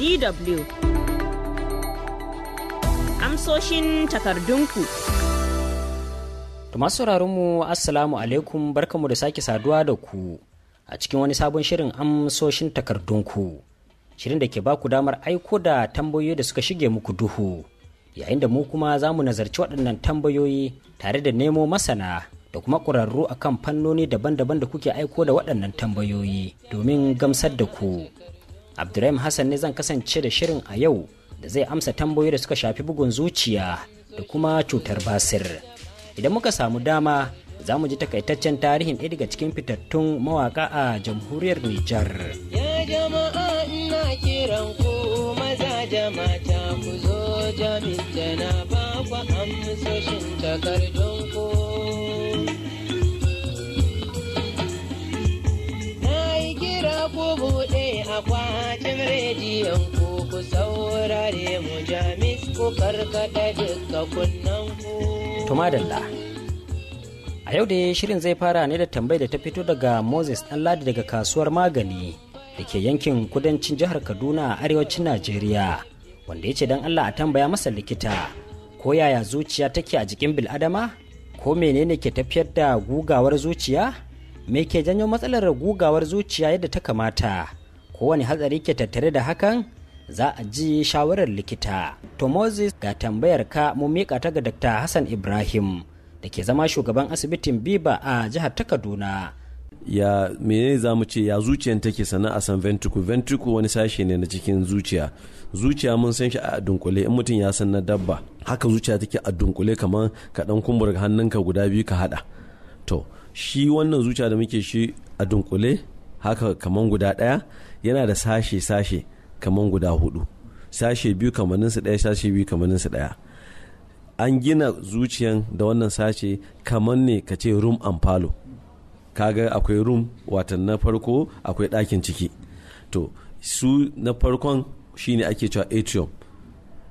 DW. Amsoshin takardunku. masu mu Assalamu alaikum barkanmu da sake saduwa da ku a cikin wani sabon shirin amsoshin takardunku. Shirin da ke baku damar aiko da tambayoyi da suka shige muku duhu. Yayin da mu kuma za mu nazarci waɗannan tambayoyi tare da nemo masana da kuma ƙwararru a kan fannoni daban-daban da kuke aiko da waɗannan tambayoyi domin gamsar da ku Abdurrahim Hassan ne zan kasance da shirin a yau da zai amsa tambayoyi da suka shafi bugun zuciya da kuma cutar basir. Idan muka samu dama za mu ji takaitaccen tarihin ɗaya daga cikin fitattun mawaƙa a jamhuriyar Nijar. Ya jama'a ina kiran ku maza jama'a ku zo jami'a na ba ku amsoshin takardun ku. akwatin rediyon ku ku saurare mu jamis ku karkata duka kunnan ku. Tumadalla. A yau da shirin zai fara ne da tambayar da ta fito daga Moses Ladi daga kasuwar magani da ke yankin kudancin jihar Kaduna a arewacin Najeriya wanda ya ce don Allah a tambaya masa likita ko yaya zuciya take a jikin bil'adama ko menene ke tafiyar da gugawar zuciya? me ke janyo matsalar gugawar zuciya yadda ta kamata kowane hatsari ke tattare da hakan za a ji shawarar likita to moses ga tambayar ka mu miƙa ta ga dr hassan ibrahim da ke zama shugaban asibitin biba a jihar ta kaduna ya menene za mu ce ya zuciyan take sana a san ventricle ventricle wani sashe ne na cikin zuciya zuciya mun san shi a dunkule in mutum ya san na dabba haka zuciya take a dunkule kamar ka dan kumbura hannunka guda biyu ka hada to shi wannan zuciya da muke shi a dunkule haka kamar guda daya yana da sashe-sashe kamar guda hudu sashe biyu su daya sashe biyu su daya an gina zuciyan da wannan sashe kamar ne ka ce room and palo kaga akwai rum watan na farko akwai ɗakin ciki to su na farkon shine ake cewa atrium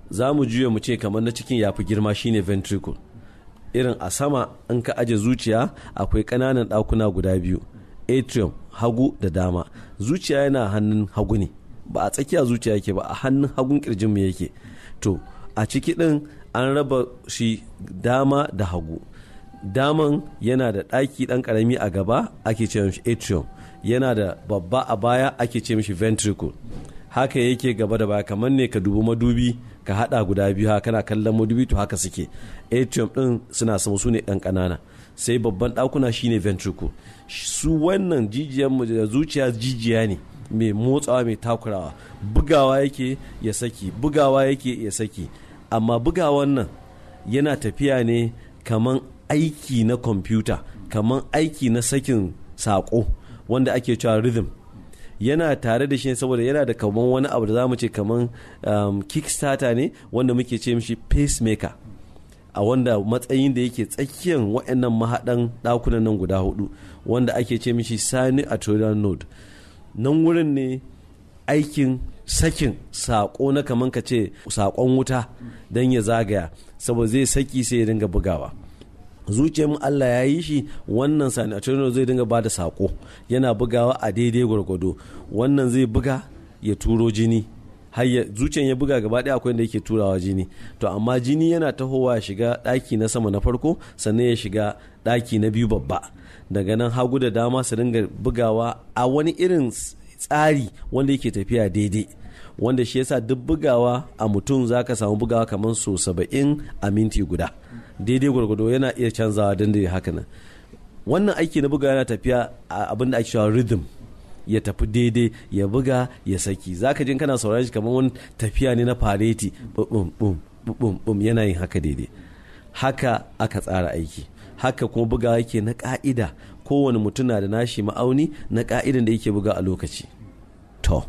za mu juya mu ce kamar na cikin yafi girma shine ventricle irin a sama in ka aje zuciya akwai ƙananan ɗakuna guda biyu atrium hagu da dama zuciya yana hannun hagu ne ba a tsakiya zuciya yake ba a hannun hagun kirjin mu yake to a ciki din an raba shi dama da hagu daman yana da ɗaki ɗan ƙarami a gaba ake ce mishi atrium yana da babba a baya ake ce mishi ventricle haka yake gaba da baya kamar ne ka dubi madubi ka hada guda biyu haka kana kallon madubi to haka suke atrium ɗin suna sama sune ne ɗan ƙanana sai babban ɗakuna shine ventricle su wannan jijiyar zuciya jijiya ne mai motsawa mai takurawa bugawa yake ya saki bugawa yake ya saki amma bugawan nan yana tafiya ne kaman aiki na kwamfuta kaman aiki na sakin saƙo wanda ake cewa rhythm yana tare da shi saboda yana da kaman wani abu da za mu ce kaman um, kickstarter ne wanda muke ce mishi pacemaker a wanda matsayin da yake tsakiyar wa'annan mahaɗan ɗakunan nan guda hudu wanda ake ce mishi sani a turan node nan wurin ne aikin sakin saƙo na kaman ka ce saƙon wuta don ya zagaya saboda zai saki sai ya dinga bugawa zuciyar Allah ya yi shi wannan sani a node zai dinga bada sako saƙo yana bugawa a daidai gwargwado wannan zai buga ya turo jini har zuciyan ya buga gaba ɗaya akwai da yake turawa jini to amma jini yana tahowa ya shiga ɗaki na sama na farko sannan ya shiga ɗaki na biyu babba daga nan hagu da dama su dinga bugawa a wani irin tsari wanda yake tafiya daidai wanda shi yasa duk bugawa a mutum zaka samu bugawa kamar so saba'in a minti guda daidai gwargwado yana iya canzawa don da haka nan wannan aiki na bugawa yana tafiya a abin da ake cewa rhythm ya tafi daidai ya buga ya saki zaka jin kana saurari shi kamar wani tafiya ne na fareti bum bum yana yin haka daidai haka aka tsara aiki haka kuma bugawa yake na ka'ida kowane mutum na da nashi ma'auni na ka'idan da yake buga a lokaci to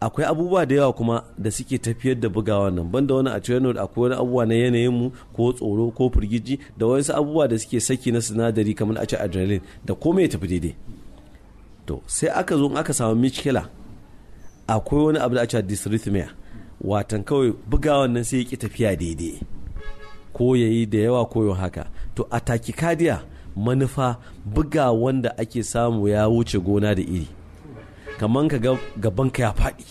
akwai abubuwa da yawa kuma da suke tafiyar da bugawa nan banda wani a da akwai wani abubuwa na yanayin mu ko tsoro ko firgici da wasu abubuwa da suke saki na sinadari kamar a ce adrenaline da komai ya tafi daidai to sai aka zo aka samu michkila akwai wani abu da ake dysrhythmia watan kawai bugawan nan sai ya ki tafiya daidai ko ya yi da yawa ko haka to a takikadiya manufa buga wanda ake samu ya wuce gona da iri kamar ka gabanka ya faɗi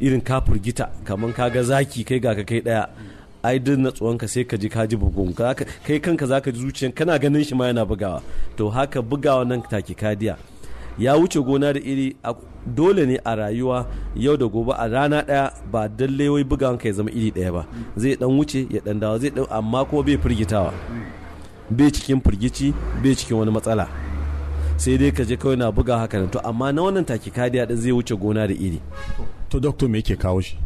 irin ka furgita kamar ka ga zaki kai ga ka kai ɗaya ai duk na sai ka sai ka ji bugun kai kanka zaka ji zuciyan kana ganin shi ma yana bugawa to haka bugawa nan takikadiya ya wuce gona da iri dole ne a rayuwa yau da gobe a rana daya ba dalle wai bugawan ka ya zama iri daya ba zai dan wuce ya dan dawo zai dan amma ko bai firgitawa bai cikin firgici bai cikin wani matsala sai dai ka je kawai na buga haka to amma na wannan kadiya din zai wuce gona da iri to doctor me yake kawo shi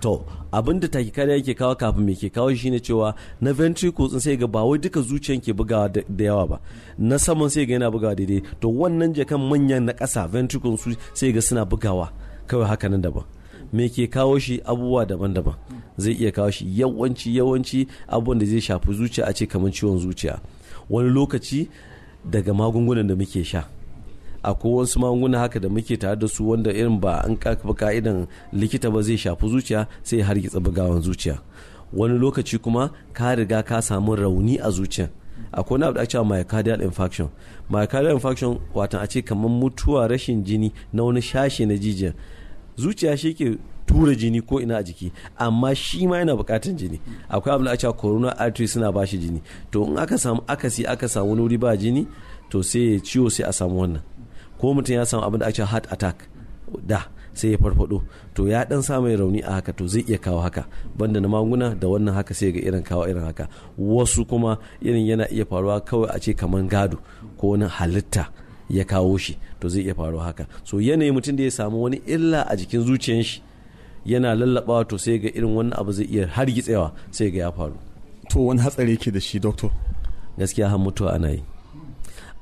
to abin da kare yake kawo kafin me ke kawo shine cewa na ventricles sai ga ba wai duka zuciyan ke bugawa da yawa ba na saman sai ga yana bugawa daidai to wannan jakan manyan na kasa ventricles su sai ga suna bugawa kawai haka nan daban me ke kawo shi abubuwa daban-daban zai iya kawo shi yawanci yawanci abubuwan da zai shafi zuciya a ce kamar ciwon zuciya wani lokaci daga magungunan da muke sha akwai wasu magunguna haka da muke tare da su wanda irin ba an kakaba ka'idan likita ba zai shafi zuciya sai har gitsa bugawan zuciya wani lokaci kuma ka riga ka samu rauni a zuciya akwai na abu da ake cewa myocardial infarction myocardial infarction wato a ce kamar mutuwa rashin jini na wani shashe na jijiya zuciya shi ke tura jini ko ina a jiki amma shi ma yana bukatan jini akwai abin da ake corona artery suna ba shi jini to in aka samu akasi aka samu wani wuri ba jini to sai ciwo sai a samu wannan ko mutum ya samu abin da ake heart attack da sai ya farfado to ya dan sa mai rauni a haka to zai iya kawo haka banda na maguna da wannan haka sai ga irin kawo irin haka wasu kuma irin yana iya faruwa kawai a ce kaman gado ko wani halitta ya kawo shi to zai iya faruwa haka so yanayin mutum da ya samu wani illa a jikin zuciyar shi yana lallabawa to sai ga irin wannan abu zai iya har gitsewa sai ga ya faru to wani hatsari ke da shi doctor gaskiya har mutuwa ana yi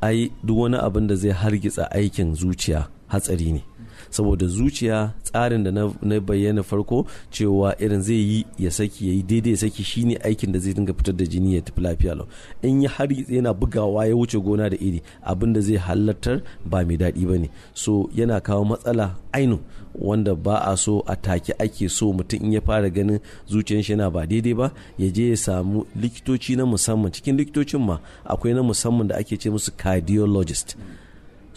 ai duk wani abin da zai hargitsa aikin zuciya hatsari ne saboda zuciya tsarin da na bayyana farko cewa irin zai yi ya saki ya yi daidai ya saki shine aikin da zai dinga fitar da jini ya tafi lafiya lau in ya har yana bugawa ya wuce gona da iri abin da zai halartar ba mai daɗi ba ne so yana kawo matsala ainu wanda ba a so a take ake so mutum in ya fara ganin zuciyar shi yana ba daidai ba ya je ya samu likitoci na musamman cikin likitocin ma akwai na musamman da ake ce musu cardiologist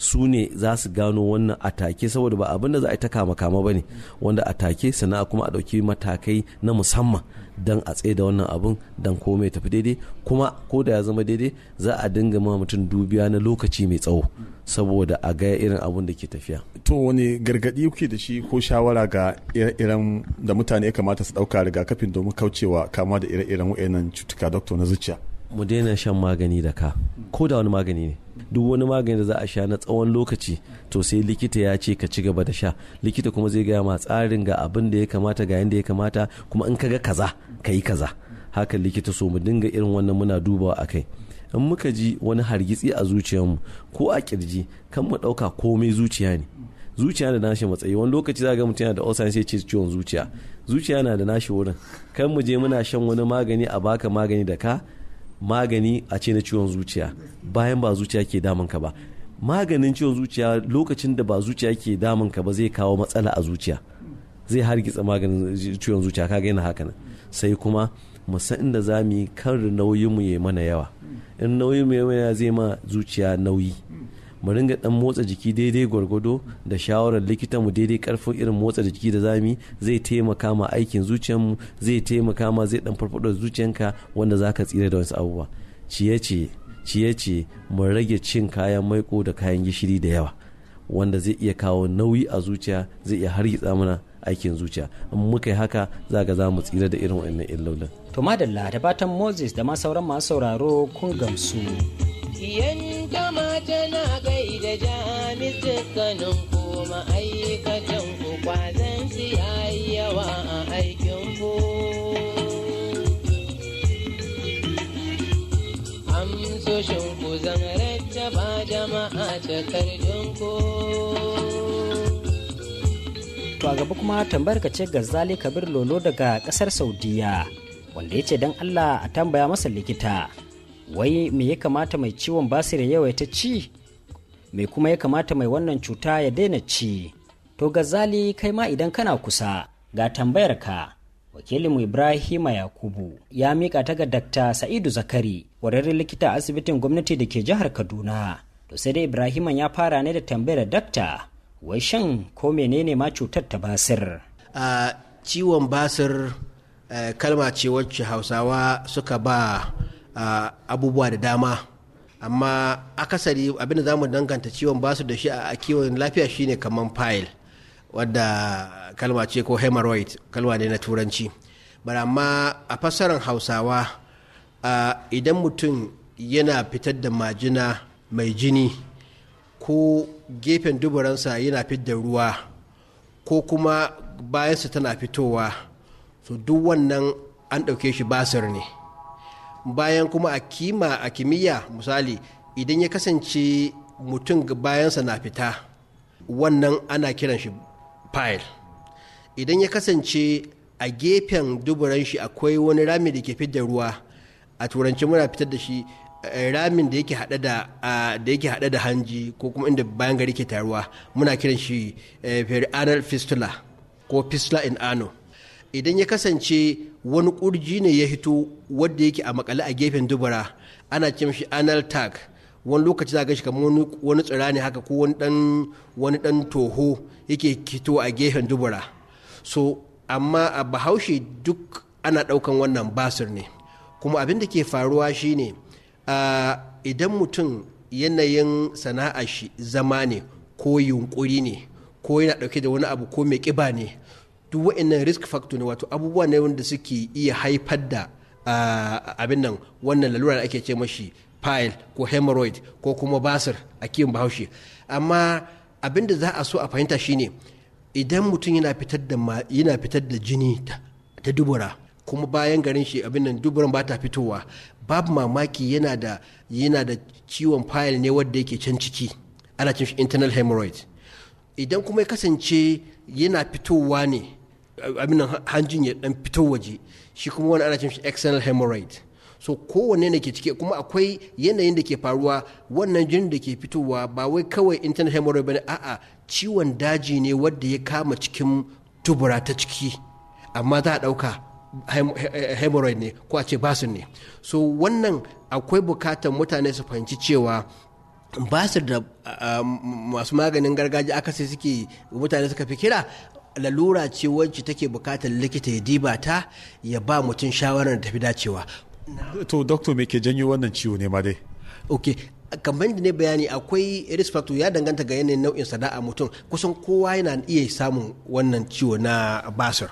su ne za su gano wannan atake saboda ba abin da za a yi ta kama kama ba ne wanda atake sana kuma a ɗauki matakai na musamman don a tsaye da wannan abun don komai tafi daidai kuma ko da ya zama daidai za a dinga ma mutum dubiya na lokaci mai tsawo saboda a gaya irin abun da ke tafiya to wani gargadi kuke da shi ko shawara ga ire da mutane ya kamata su ɗauka rigakafin domin kaucewa kama da ire-iren wa'annan cutuka doktor na zuciya mu daina shan magani da ka ko da wani magani ne duk wani magani da za a sha na tsawon lokaci to sai likita ya ce ka ci gaba da sha likita kuma zai gaya ma tsarin ga abin da ya kamata ga yadda ya kamata kuma in ka ga kaza ka yi kaza haka likita so mu dinga irin wannan muna dubawa a kai in muka ji wani hargitsi a zuciyarmu ko a kirji kan mu ɗauka komai zuciya ne zuciya da nashi matsayi wani lokaci za ga mutum yana da ulcer sai ce ciwon zuciya zuciya na da nashi wurin kan mu je muna shan wani magani a baka magani da ka magani a ce na ciwon zuciya bayan ba zuciya ke damun ka ba maganin ciwon zuciya lokacin da ba zuciya ke damun ka ba zai kawo matsala a zuciya zai hargitsa maganin ciwon zuciya kaga yana haka nan sai kuma mu san inda za mu yi kan nauyin mu ya mana yawa in nauyin mu ya zai ma zuciya nauyi mu ringa dan motsa jiki daidai gwargwado da shawarar likita mu daidai karfin irin motsa jiki da zami zai taimaka ma aikin zuciyarmu zai taimaka ma zai dan farfado zuciyanka wanda zaka tsira da wasu abubuwa ciye ce ciye ce mu rage cin kayan maiko da kayan gishiri da yawa wanda zai iya kawo nauyi a zuciya zai iya hargitsa mana aikin zuciya in muka yi haka za ga za mu tsira da irin wannan illolin. to madalla da fatan moses da ma sauran masu sauraro kun gamsu. Yan dukkanin ku ma'aikatan ku kwazan su yayi yawa a aikin ku. Amsoshin ku zan ba jama'a takardun ku. To a gaba kuma tambayar ka ce Gazzali Kabir Lolo daga kasar Saudiya wanda ya ce don Allah a tambaya masa likita wai me ya kamata mai ciwon basir yawaita ci Mai kuma ya kamata mai wannan cuta ya daina ci to gazali kai ma idan kana kusa ga tambayar ka wakilinmu ibrahima yakubu ya mika ta ga dr sa'idu zakari wararren likita asibitin gwamnati da ke jihar kaduna to sai dai ibrahima ya fara ne da tambayar dakta wai shan ko menene ma cutar ta basir a ciwon basir eh, kalma ce wacce hausawa suka ba abubuwa da dama amma akasari abin da zamu danganta ciwon basu da shi a kiwon lafiya shine kaman file wadda kalma ce ko hemorrhoid kalma ne na turanci bar amma a fassarar hausawa idan mutum yana fitar da majina mai jini ko gefen duburansa yana fitar ruwa ko kuma bayansa tana fitowa su duk wannan an ɗauke shi basir ne bayan kuma a kima a kimiyya misali idan ya kasance mutum bayansa na fita wannan ana kiran shi pile idan ya kasance a gefen duburan shi akwai wani rami da ke fitar ruwa a turanci muna fitar da shi eh, ramin da yake hada da da yake hada da hanji ko kuma inda bayan gari ke taruwa muna kiran shi eh, perianal fistula ko fistula in ano idan ya kasance wani kurji ne ya hito wadda yake a makale a gefen dubura ana ce shi anal tag wani lokaci za ga shi kamar wani tsira ne haka ko wani dan wani dan toho yake hito a gefen dubura so amma a bahaushe duk ana daukan wannan basir ne kuma abin da ke faruwa shine idan mutum yanayin sana'a shi zama ne ko yunkuri ne ko yana dauke da wani abu ko mai kiba ne duk wa'annan risk factor ne wato abubuwa ne wanda suke iya haifar da abin nan wannan lalura da ake ce mashi pile ko hemorrhoid ko kuma basir a kiwon bahaushe amma abin da za a so a fahimta shine idan mutum yana fitar da yana fitar da jini ta dubura kuma bayan garin shi abin nan duburan ba ta fitowa babu mamaki yana da yana da ciwon pile ne wanda yake can ciki ana cin shi internal hemorrhoid idan kuma ya kasance yana fitowa ne abin hanjin ya dan fito waje shi kuma wani ana cin shi external hemorrhoid so kowanne ne ke cike kuma akwai yanayin da ke faruwa wannan jinin da ke fitowa ba wai kawai internal hemorrhoid bane a'a ciwon daji ne wanda ya kama cikin tubura ta ciki amma za a ɗauka hemorrhoid ne ko a ce basin ne so wannan akwai bukatar mutane su fahimci cewa basir su da masu maganin gargajiya aka sai suke mutane suka fi kira lalura ce wacce take bukatar likita ya diba ta ya ba mutum shawarar tafi dacewa to doctor me ke janyo wannan ciwo ne ma dai ok kamar da ne bayani akwai risk factor ya danganta ga yanayin nau'in sana'a mutum kusan kowa yana iya samun wannan ciwo na basur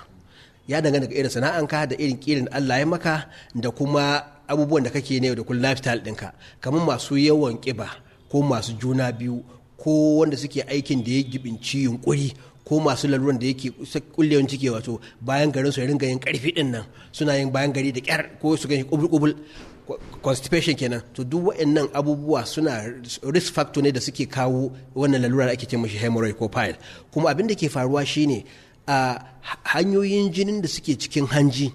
ya danganta ga irin sana'anka da irin kirin Allah ya maka da kuma abubuwan da kake ne da kullum lifestyle ɗinka kamar masu yawan kiba ko masu juna biyu ko wanda suke aikin da ya gibinci yunkuri ko masu laluran da yake kulliyar ciki wato bayan garin su ya ringa yin karfi din nan suna yin bayan gari da kyar ko su ganshi kubul kubul constipation kenan to duk waɗannan abubuwa suna risk factor ne da suke kawo wannan lalura da ake ce mishi hemorrhoid ko pile kuma abin da ke faruwa shine a hanyoyin jinin da suke cikin hanji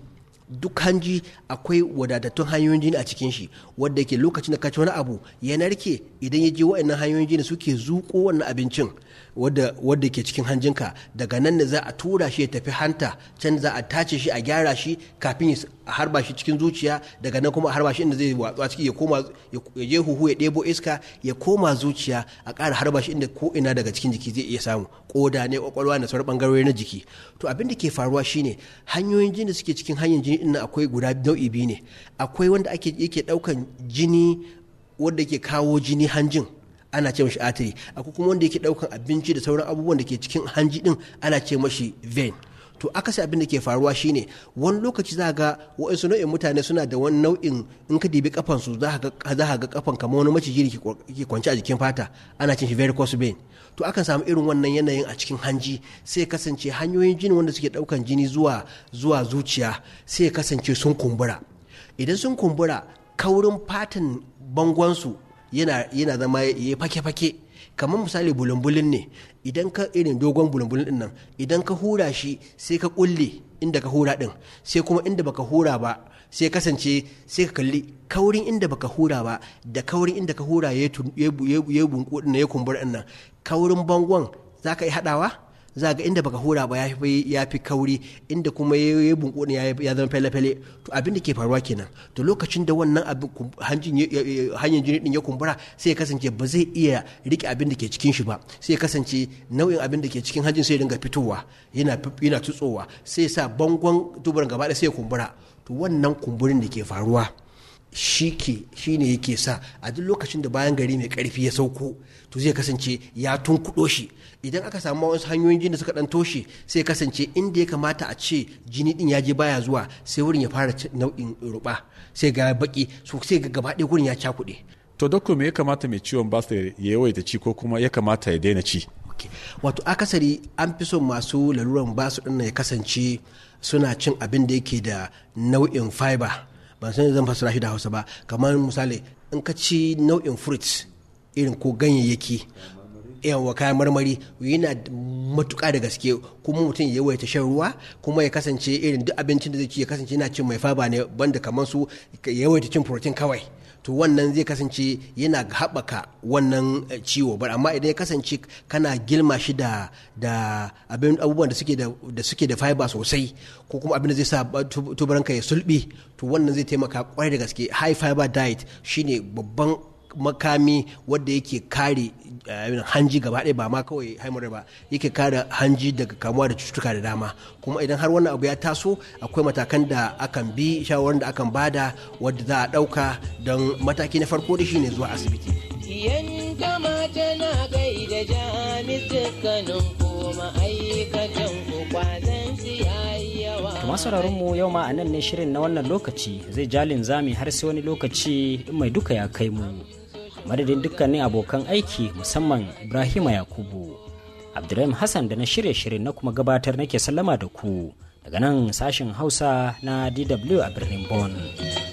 duk hanji akwai wadatattun hanyoyin jini a cikin shi wadda ke lokacin da ka wani abu ya narke idan ya je waɗannan hanyoyin jini suke zuƙo wannan abincin wadda ke cikin hanjinka daga nan ne za a tura shi ya tafi hanta can za a tace shi a gyara shi kafin a harba shi cikin zuciya daga nan kuma a harba shi inda zai watsu a ciki ya koma ya je huhu ya ɗebo iska ya koma zuciya a ƙara harba shi inda ko ina daga cikin jiki zai iya samu koda ne kwakwalwa na sauran bangarori na jiki to abin da ke faruwa shine hanyoyin jini suke cikin hanyar jini ɗin akwai guda nau'i biyu ne akwai wanda ake yake ɗaukan jini wanda ke kawo jini hanjin ana ce mashi artery akwai kuma wanda yake daukan abinci da sauran abubuwan da ke cikin hanji din ana ce mashi vein to akasi abin da ke faruwa shine wani lokaci za ga wa'insu nau'in mutane suna da wani nau'in in ka dibi kafan su za ka ga kafan kamar wani maciji da ke kwance a jikin fata ana cin shi varicose vein to akan samu irin wannan yanayin a cikin hanji sai kasance hanyoyin jini wanda suke daukan jini zuwa zuwa zuciya sai kasance sun kumbura idan sun kumbura kaurin fatan bangonsu yana zama ya fake-fake kamar misali bulunbulin ne idan ka irin dogon bulunbulin din nan idan ka hura shi sai ka kulle inda ka hura din sai kuma inda baka hura ba sai kasance sai ka kalli kaurin inda baka hura ba da kaurin inda ka hura ya bunko ya kumbura nan kaurin bangon za ka yi haɗawa. za ga inda baka hura ba ya fi kauri inda kuma ya yi bunkuni ya zama fele-fele to abin da ke faruwa kenan to lokacin da wannan hanyar jini din ya kumbura sai ya kasance ba zai iya rike abin da ke cikin shi ba sai ya kasance nau'in abin da ke cikin hanjin sai ya dinga fitowa yana tutsowa sai ya sa bangon tubar gaba sai ya kumbura to wannan kumburin da ke faruwa shi ne yake sa a duk lokacin da bayan gari mai karfi ya sauko to zai kasance ya tunkuɗo shi idan aka samu wasu hanyoyin jini da suka ɗan toshe sai kasance inda ya kamata a ce jini din ya je baya zuwa sai wurin ya fara nau'in ruba sai ga baki so sai ga gaba ɗaya wurin ya cakuɗe to doktor me ya kamata mai ciwon ba ya yawaita ci ko kuma ya kamata ya daina ci wato akasari an fi son masu laluran basu ɗin ya kasance suna cin abin da yake da nau'in fiber ba san zan fasara shi da hausa ba kamar misali in ka ci nau'in fruits irin ko ganyayyaki yawa kayan marmari yana matuka da gaske kuma mutum ya yawaita shan ruwa kuma ya kasance irin duk abincin da zai ci ya kasance yana cin mai faba ne banda kamar su ya yawaita cin protein kawai to wannan zai kasance yana haɓaka wannan eh, ciwo ba amma idan ya kasance kana gilma shi da abubuwan da suke da da suke da fiber sosai ko kuma abin da zai sa tubaranka ya sulbi to wannan zai taimaka kwarai da gaske high fiber diet shine babban makami wadda yake kare eh, hanji gaba ɗaya ba ma kawai haimura ba yake kare hanji daga kamuwa da cututtuka da dama kuma idan har wannan abu ya taso akwai matakan da akan bi shawarar da akan bada wadda za a ɗauka don mataki na farko da shi ne zuwa asibiti. yan gama gaida mu yau ma a nan ne shirin na wannan lokaci zai jalin zami har sai wani lokaci mai duka ya kai mu. madadin dukkanin abokan aiki musamman ibrahima yakubu abdulrahim hassan da na shirye shirin na kuma gabatar nake sallama da ku daga nan sashen hausa na dw a birnin bonn